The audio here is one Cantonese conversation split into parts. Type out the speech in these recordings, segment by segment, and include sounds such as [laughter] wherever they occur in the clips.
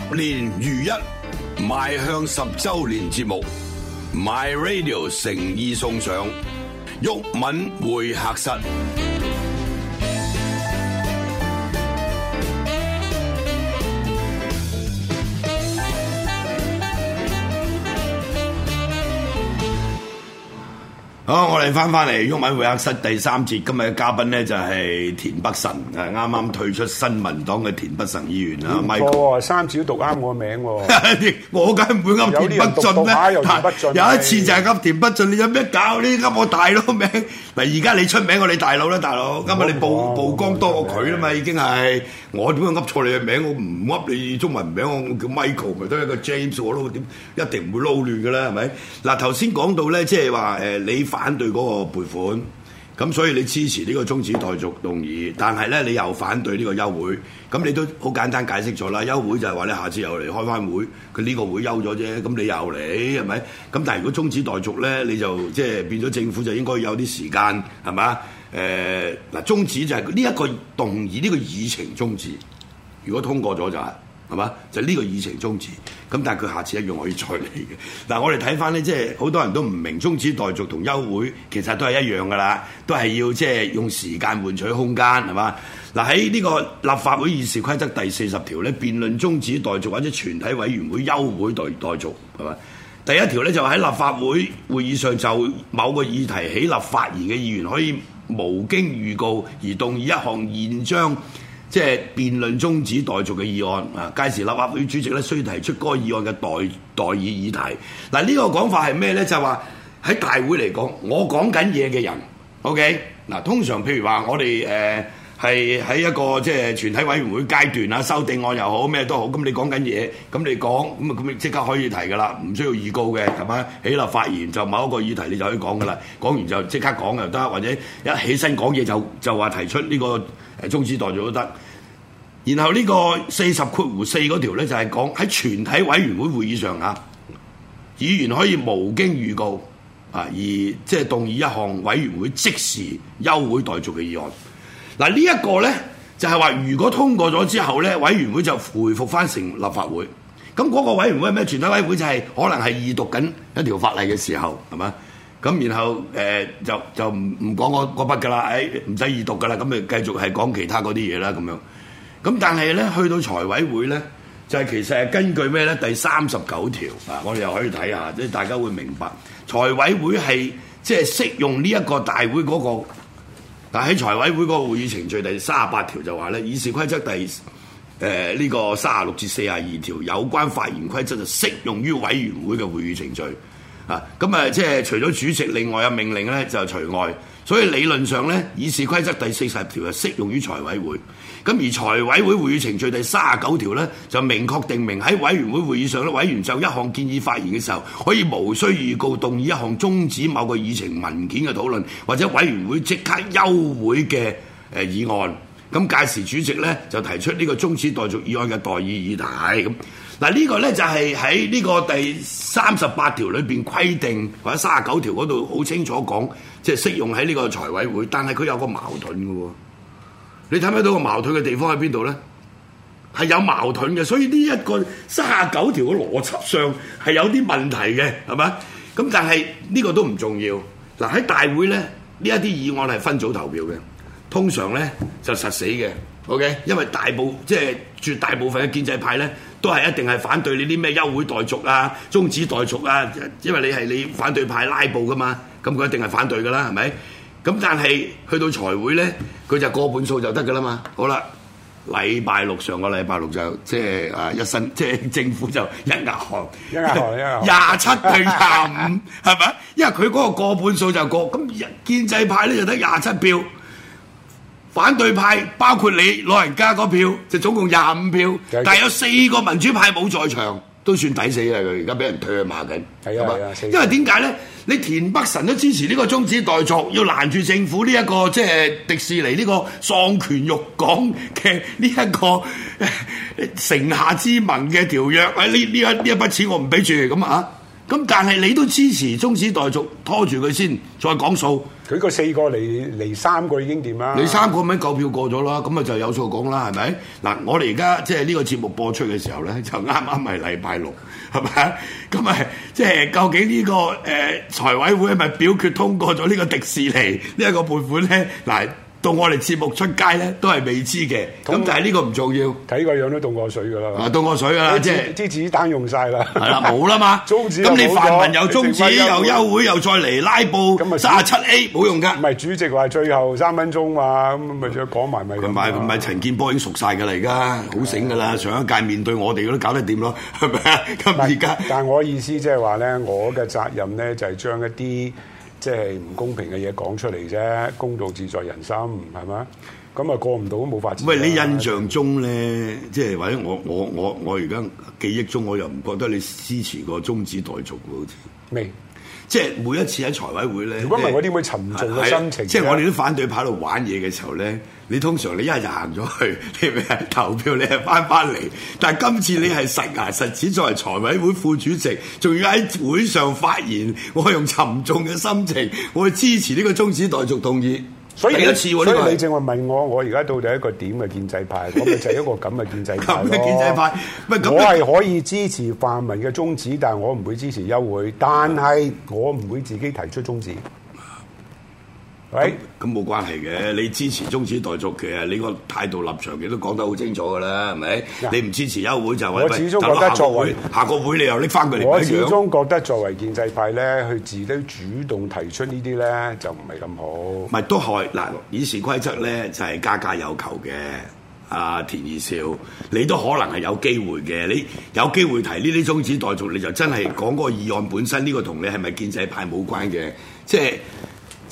十年如一，邁向十周年節目，My Radio 誠意送上， [noise] 毓民會客室。好，我哋翻翻嚟毓民會客室第三節，今日嘅嘉賓咧就係、是、田北辰，誒啱啱退出新民黨嘅田北辰啊。m 議員啦。Michael，三小讀啱我名喎、哦。 [laughs] 我梗唔會噏田北俊咧，有，啊、有，有一次就係噏田北俊，你有咩搞？你噏我大佬名？嗱，而家你出名，我你大佬啦，大佬，今日你曝曝光多過佢啦嘛， [laughs] 已經係我點解噏錯你嘅名？我唔噏你中文名，我叫 Michael，咪都一個 James，我撈佢點一定唔會撈亂嘅啦，係咪？嗱、啊，頭先講到咧，即係話誒，你反對嗰個撥款，咁所以你支持呢個終止待續動議，但係呢，你又反對呢個休會，咁你都好簡單解釋咗啦。休會就係話你下次又嚟開返會，佢呢個會休咗啫，咁你又嚟係咪？咁但係如果終止待續呢，你就即係變咗政府就應該有啲時間係咪？誒嗱，終止就係呢一個動議，呢個議程終止，如果通過咗就係。係嘛？就呢個議程終止咁，但係佢下次一樣可以再嚟嘅。嗱，我哋睇返咧，即係好多人都唔明中止待續同休會，其實都係一樣噶啦，都係要即係用時間換取空間，係嘛？嗱，喺呢個立法會議事規則第四十條咧，辯論中止待續或者全體委員會休會待待續，係嘛？第一條咧就喺立法會會議上就某個議題起立發言嘅議員可以無經預告而動議一項現章。即係辯論終止待續嘅議案，啊屆時立法會主席咧需提出該議案嘅待待議議題。嗱、啊這個、呢個講法係咩咧？就話、是、喺大會嚟講，我講緊嘢嘅人，OK 嗱、啊。通常譬如話我哋誒係喺一個即係、呃、全體委員會階段啊，修訂案又好咩都好，咁你講緊嘢，咁你講咁啊咁你即刻可以提㗎啦，唔需要預告嘅，係咪起立發言就？就某一個議題你就可以講㗎啦，講完就即刻講又得，或者一起身講嘢就就話提出呢、這個終止待續都得。這個呃呃然後呢個四十括弧四嗰條咧就係講喺全體委員會會議上吓，議員可以無經預告啊而即係動議一項委員會即時休會待續嘅議案。嗱、啊、呢一個咧就係、是、話如果通過咗之後咧，委員會就回復翻成立法會。咁嗰個委員會係咩？全體委員會就係、是、可能係二讀緊一條法例嘅時候，係嘛？咁然後誒、呃、就就唔唔講嗰嗰筆噶啦，誒唔使二讀噶啦，咁咪繼續係講其他嗰啲嘢啦，咁樣。咁但係咧，去到財委會咧，就係其實係根據咩咧？第三十九條啊，我哋又可以睇下，即係大家會明白，財委會係即係適用呢一個大會嗰、那個。但喺財委會個會議程序第三八十條就話咧，議事規則第誒呢、呃這個三廿六至四廿二三十六至四十二條有關發言規則就適用於委員會嘅會議程序啊。咁啊，即係除咗主席，另外有命令咧，就除外。所以理論上咧，議事規則第四十條係適用於財委會。咁而財委會會議程序第三十九條咧，就明確定明喺委員會會議上咧，委員就一項建議發言嘅時候，可以無需預告動議一項中止某個議程文件嘅討論，或者委員會即刻休會嘅誒議案。咁屆時主席咧就提出呢個中止待續議案嘅待議議題咁。嗱呢個咧就係喺呢個第三十八條裏邊規定，或者三十九條嗰度好清楚講，即係適用喺呢個財委會。但係佢有個矛盾嘅喎，你睇唔睇到個矛盾嘅地方喺邊度咧？係有矛盾嘅，所以呢一個三十九條嘅邏輯上係有啲問題嘅，係咪？咁但係呢個都唔重要。嗱喺大會咧，呢一啲議案係分組投票嘅，通常咧就實死嘅。OK，因為大部即係絕大部分嘅建制派咧，都係一定係反對你啲咩休會待續啊、終止待續啊，因為你係你反對派拉布噶嘛，咁佢一定係反對噶啦，係咪？咁但係去到財會咧，佢就過半數就得噶啦嘛。好啦，禮拜六上個禮拜六就即係啊一新即係政府就一牙行，行，一牙行，一廿七定廿五，係咪？ [laughs] 因為佢嗰個過半數就過，咁建制派咧就得廿七票。反對派包括你老人家嗰票，就總共廿五票，就是、但有四個民主派冇在場，都算抵死啦！佢而家俾人㗱下嘅，係啊嘛，因為點解呢？你田北辰都支持呢個中止待續，要攔住政府呢、這、一個即係迪士尼呢個喪權辱港嘅呢一個城下之盟嘅條約，呢一呢一筆錢我唔俾住。咁但係你都支持中止待續，拖住佢先，再講數。佢個四個嚟嚟三個已經點啊？你三個咪夠票過咗啦，咁咪就有數講啦，係咪？嗱，我哋而家即係呢個節目播出嘅時候咧，就啱啱係禮拜六，係咪？咁咪即係究竟呢個、誒、呃、財委會係咪表決通過咗呢個迪士尼呢一個撥款咧？嗱。到我哋節目出街咧，都係未知嘅。咁但係呢個唔重要，睇個樣都凍過水噶啦。啊，凍過水啊，即係啲子彈用晒啦。係啦，冇啦嘛。咁你泛民又中止又休會又再嚟拉布，三十七 A 冇用㗎。唔係主席話最後三分鐘嘛，咁咪仲要講埋咪？唔係唔係，陳建波已經熟晒㗎啦，而家好醒㗎啦。上一屆面對我哋都搞得掂咯，係咪啊？咁而家，但係我意思即係話咧，我嘅責任咧就係將一啲。即係唔公平嘅嘢講出嚟啫，公道自在人心，係咪？咁啊過唔到都冇法子。喂，你印象中咧，對 即係或者我我我我而家記憶中，我又唔覺得你支持過終止代續好似未？即係每一次喺財委會咧，如果唔係，我點會沉重嘅心情？即係、就是、我哋都反對跑度玩嘢嘅時候咧，你通常你一日行咗去，你咪係投票，你係翻返嚟。但係今次你係實牙實齒作為財委會副主席，仲要喺會上發言，我用沉重嘅心情，我去支持呢個終止代續動議。所以，所以你多次喎？所以你正話問我，我而家到底一個點嘅建制派？咁咪就係一個咁嘅建制派建制派，我係 [laughs] 可以支持泛民嘅宗旨，但係我唔會支持休會，但係我唔會自己提出宗旨。咁冇關係嘅，你支持中止待續嘅，你個態度立場嘅都講得好清楚嘅啦，係咪？啊、你唔支持休會就係我始終覺得作為下個會， [laughs] 下個會你又拎翻佢嚟。我始終覺得作為建制派咧，去自己主動提出呢啲咧，就唔係咁好。唔係都係嗱，議事規則咧就係、是、家家有求嘅。阿、啊、田二少，你都可能係有機會嘅。你有機會提呢啲中止待續，你就真係講嗰個議案本身呢、這個同你係咪建制派冇關嘅？即係。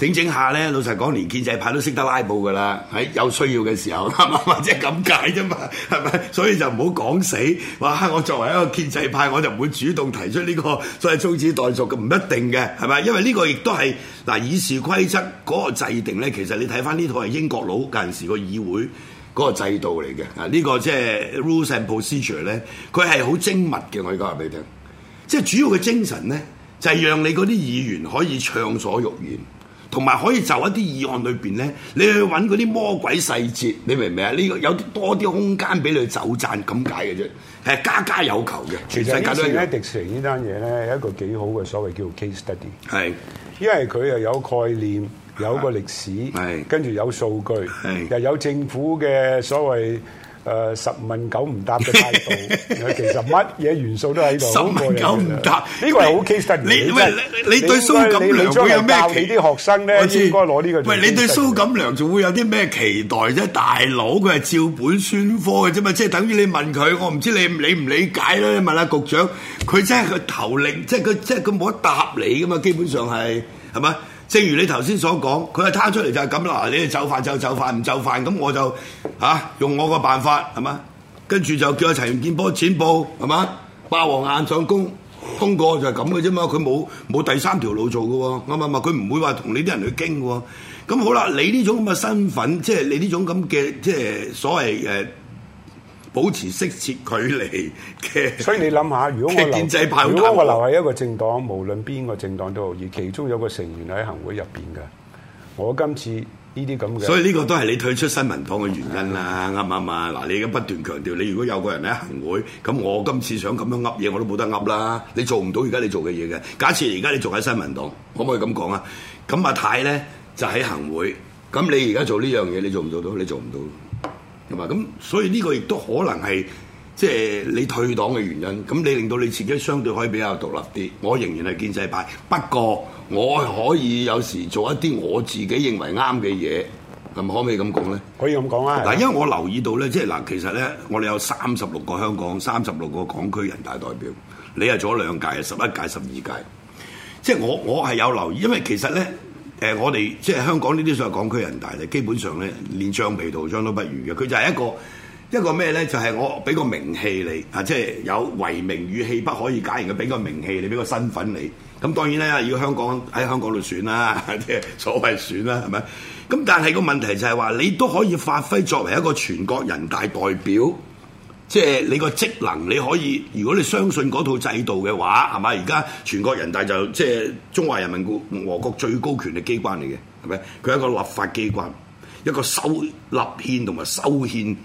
整整下咧，老實講，連建制派都識得拉布噶啦，喺有需要嘅時候，係咪？或者咁解啫嘛，係咪？所以就唔好講死，話我作為一個建制派，我就唔會主動提出呢個所謂宗旨，所以終止待續嘅唔一定嘅，係咪？因為呢個亦都係嗱，啊，議事規則嗰個制定咧，其實你睇翻呢套係英國佬嗰陣時個議會嗰個制度嚟嘅，啊，這個、呢個即係 rules and procedure 咧，佢係好精密嘅，我而家話俾你聽。即係主要嘅精神咧，就係讓你嗰啲議員可以暢所欲言。同埋可以就一啲議案裏邊咧，你去揾嗰啲魔鬼細節，你明唔明啊？呢個有多啲空間俾你去走盞咁解嘅啫。係家家有求嘅，全世界都一樣。迪士尼呢單嘢咧，有一個幾好嘅所謂叫做 case study，係是因為佢又有概念，有個歷史，係是跟住有數據，係是又有政府嘅所謂。誒十問九唔答嘅態度，其實乜嘢元素都喺度，十問九唔答呢個係好 case study 真。你對蘇錦良會有咩期？啲學生咧唔該攞呢個。喂，你對蘇錦良仲會有啲咩期待啫？大佬佢係照本宣科嘅啫嘛，即係等於你問佢，我唔知你理唔理解啦。你問下局長，佢真係個頭領，即係佢，即係佢冇得答你㗎嘛，基本上係係咪？正如你頭先所講，佢係攤出嚟就係咁啦，你哋就範就就範，唔就範咁我就嚇、啊、用我個辦法係嘛，跟住就叫阿陳健波剪布係嘛，霸王硬上弓，通過就係咁嘅啫嘛，佢冇冇第三條路做嘅喎，啱唔啱？佢唔會話同你啲人去傾喎，咁好啦，你呢種咁嘅身份，即係你呢種咁嘅即係所謂誒。呃保持適切距離嘅。所以你諗下，如果我建制派，如果我留喺一個政黨，無論邊個政黨都好，而其中有個成員喺行會入邊嘅，我今次呢啲咁嘅。所以呢個都係你退出新民黨嘅原因啦，啱唔啱啊？嗱吧，你而家不斷強調，你如果有個人喺行會，咁我今次想咁樣噏嘢我都冇得噏啦。你做唔到而家你做嘅嘢嘅。假設而家你仲喺新民黨，可唔可以咁講啊？咁阿太咧就喺行會，咁你而家做呢樣嘢，你做唔做到？你做唔到。咁所以呢個亦都可能係即係你退黨嘅原因。咁你令到你自己相對可以比較獨立啲。我仍然係建制派，不過我可以有時做一啲我自己認為啱嘅嘢。咁可唔可以咁講呢？可以咁講啊！嗱，因為我留意到呢，即係嗱，其實呢，我哋有三十六個香港、三十六個港區人大代表，你係做咗兩屆、十一屆、十二屆。即係我，我係有留意，因為其實呢。誒、呃，我哋即係香港呢啲所謂港區人大咧，就係，基本上咧連橡皮圖章都不如嘅，佢就係一個一個咩咧，就係、係，我俾個名氣你啊，即係唯名與器不可以假人嘅，俾個名氣你，俾個身份你。咁當然咧，如果香港喺香港度選啦，啊，即係所謂選啦，啊，係咪？咁但係個問題就係話，你都可以發揮作為一個全國人大代表。即係你個職能，你可以如果你相信嗰套制度嘅話，係嘛？而家全國人大就即係中華人民共和國最高權力機關嚟嘅，係咪？佢係一個立法機關，一個修立憲同埋修憲。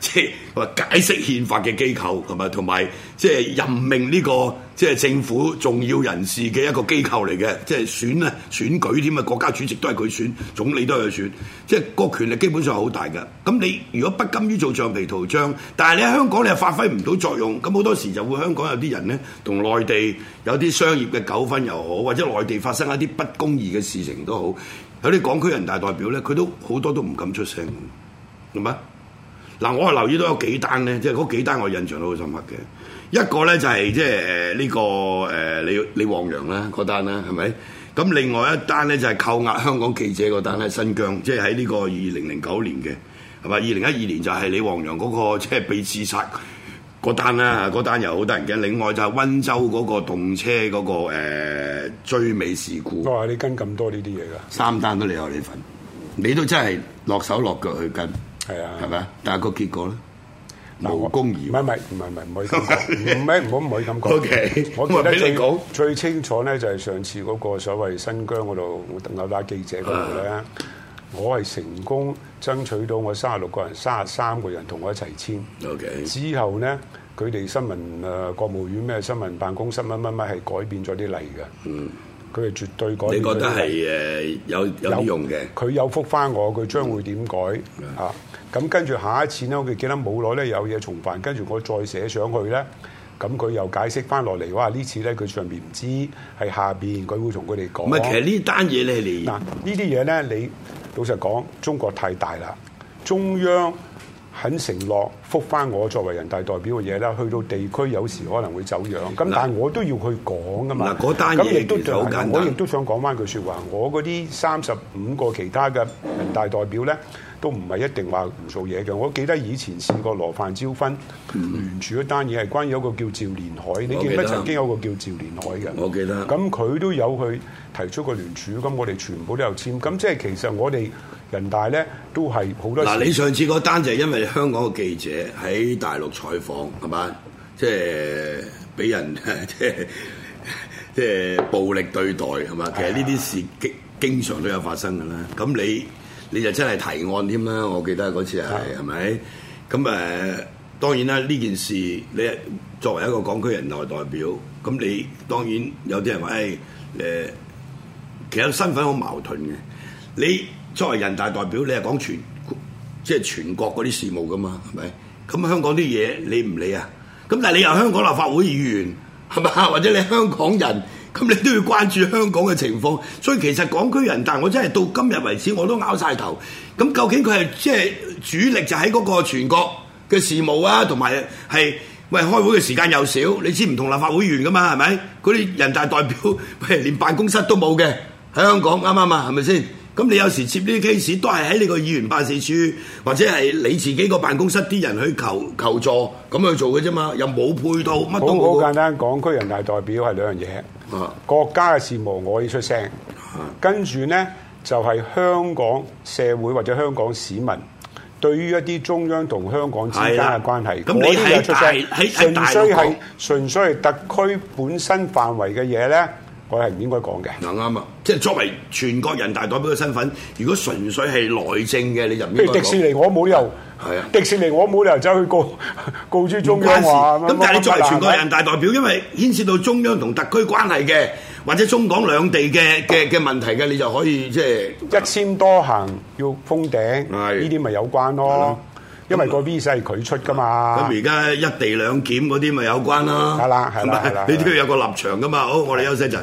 即係 [laughs] 解釋憲法嘅機構，同埋同埋即係任命呢個即係政府重要人士嘅一個機構嚟嘅，即係選啊選舉添啊，國家主席都係佢選，總理都係佢選，即係個權力基本上好大嘅。咁你如果不甘於做橡皮圖章，但係你喺香港你又發揮唔到作用，咁好多時就會香港有啲人呢，同內地有啲商業嘅糾紛又好，或者內地發生一啲不公義嘅事情都好，有啲港區人大代表呢，佢都好多都唔敢出聲，係咪？嗱、啊，我係留意到有幾單咧，即係嗰幾單我印象都好深刻嘅。一個咧就係即係誒呢個誒、呃、李李黃洋啦，嗰單啦，係咪？咁另外一單咧就係、是、扣押香港記者嗰單咧，新疆，即係喺呢個二零零九年嘅，係咪？二零一二年就係李旺陽嗰個即係被刺殺嗰單啦，嗰的單又好得人驚。另外就係溫州嗰個動車嗰、那個、呃、追尾事故。我係、哦、你跟咁多呢啲嘢㗎，三單都開你有你份，你都真係落手落腳去跟。係啊，係咪啊？但係個結果咧，無功而唔係唔係唔係唔可以咁講，唔係唔好唔可以咁講。我覺得最好最清楚咧就係上次嗰個所謂新疆嗰度，我拉記者嗰度咧，我係成功爭取到我三十六個人、三十三個人同我一齊簽。O K. 之後咧，佢哋新聞誒國務院咩新聞辦公室乜乜乜係改變咗啲例嘅。嗯，佢係絕對改變。你覺得係誒有有用嘅？佢有覆翻我，佢將會點改啊？咁跟住下一次咧，我哋記得冇耐咧有嘢重犯，跟住我再寫上去咧，咁佢又解釋翻落嚟，哇！呢次咧佢上面唔知係下邊，佢會同佢哋講。唔係，其實呢單嘢咧，你嗱呢啲嘢咧，你老實講，中國太大啦，中央，肯承諾復翻我作為人大代表嘅嘢啦，去到地區有時可能會走樣，咁、嗯、但我都要去講噶嘛。嗱、嗯，嗰、那個、單嘢其對單我亦都想講翻句説話，我嗰啲三十五個其他嘅人大代表呢，都唔係一定話唔做嘢嘅。我記得以前試過羅范椒芬、嗯、聯署嗰單嘢係關於一個叫趙連海，你記唔記得曾經有個叫趙連海嘅？我記得。咁佢都有去提出個聯署，咁我哋全部都有簽，咁即係其實我哋。人大咧都係好多，嗱你上次嗰單就係因為香港嘅記者喺大陸採訪係嘛，即係俾人即係即係暴力對待係嘛，其實呢啲事經經常都有發生㗎啦。咁你你就真係提案添啦，我記得嗰次係係咪？咁誒是、啊呃，當然啦，呢件事你作為一個港區人大代表，咁你當然有啲人話誒誒，其實身份好矛盾嘅，你。作為人大代表，你係講全即係全國嗰啲事務噶嘛，係咪？咁香港啲嘢你唔理啊？咁但係你又香港立法會議員係嘛？或者你香港人，咁你都要關注香港嘅情況。所以其實港區人大，我真係到今日為止，我都拗晒頭。咁究竟佢係即係主力就喺嗰個全國嘅事務啊？同埋係喂開會嘅時間又少，你知唔同立法會議員噶嘛？係咪？嗰啲人大代表 [laughs] 連辦公室都冇嘅，喺香港啱啱啊？係咪先？咁你有時接呢啲 case 都係喺你個議員辦事處，或者係你自己個辦公室啲人去求求助咁去做嘅啫嘛，又冇配套乜都冇。好好簡單，港區人大代表係兩樣嘢。啊，國家嘅事務我要出聲，啊、跟住呢，就係、是、香港社會或者香港市民對於一啲中央同香港之間嘅關係，嗰啲嘢出聲。喺純粹係純粹係特區本身範圍嘅嘢呢？我係唔應該講嘅，嗱啱啊！即係作為全國人大代表嘅身份，如果純粹係內政嘅，你就唔應該。迪士尼，我冇理由。係啊，迪士尼我冇理由走去告告諸中央事咁。但係你作為全國人大代表，因為牽涉到中央同特區關係嘅，或者中港兩地嘅嘅嘅問題嘅，你就可以即係一簽多行，要封頂。呢啲咪有關咯？因為個 V 勢係佢出噶嘛。咁而家一地兩檢嗰啲咪有關啦。得啦，係咪？你都要有個立場噶嘛。好，我哋休息陣。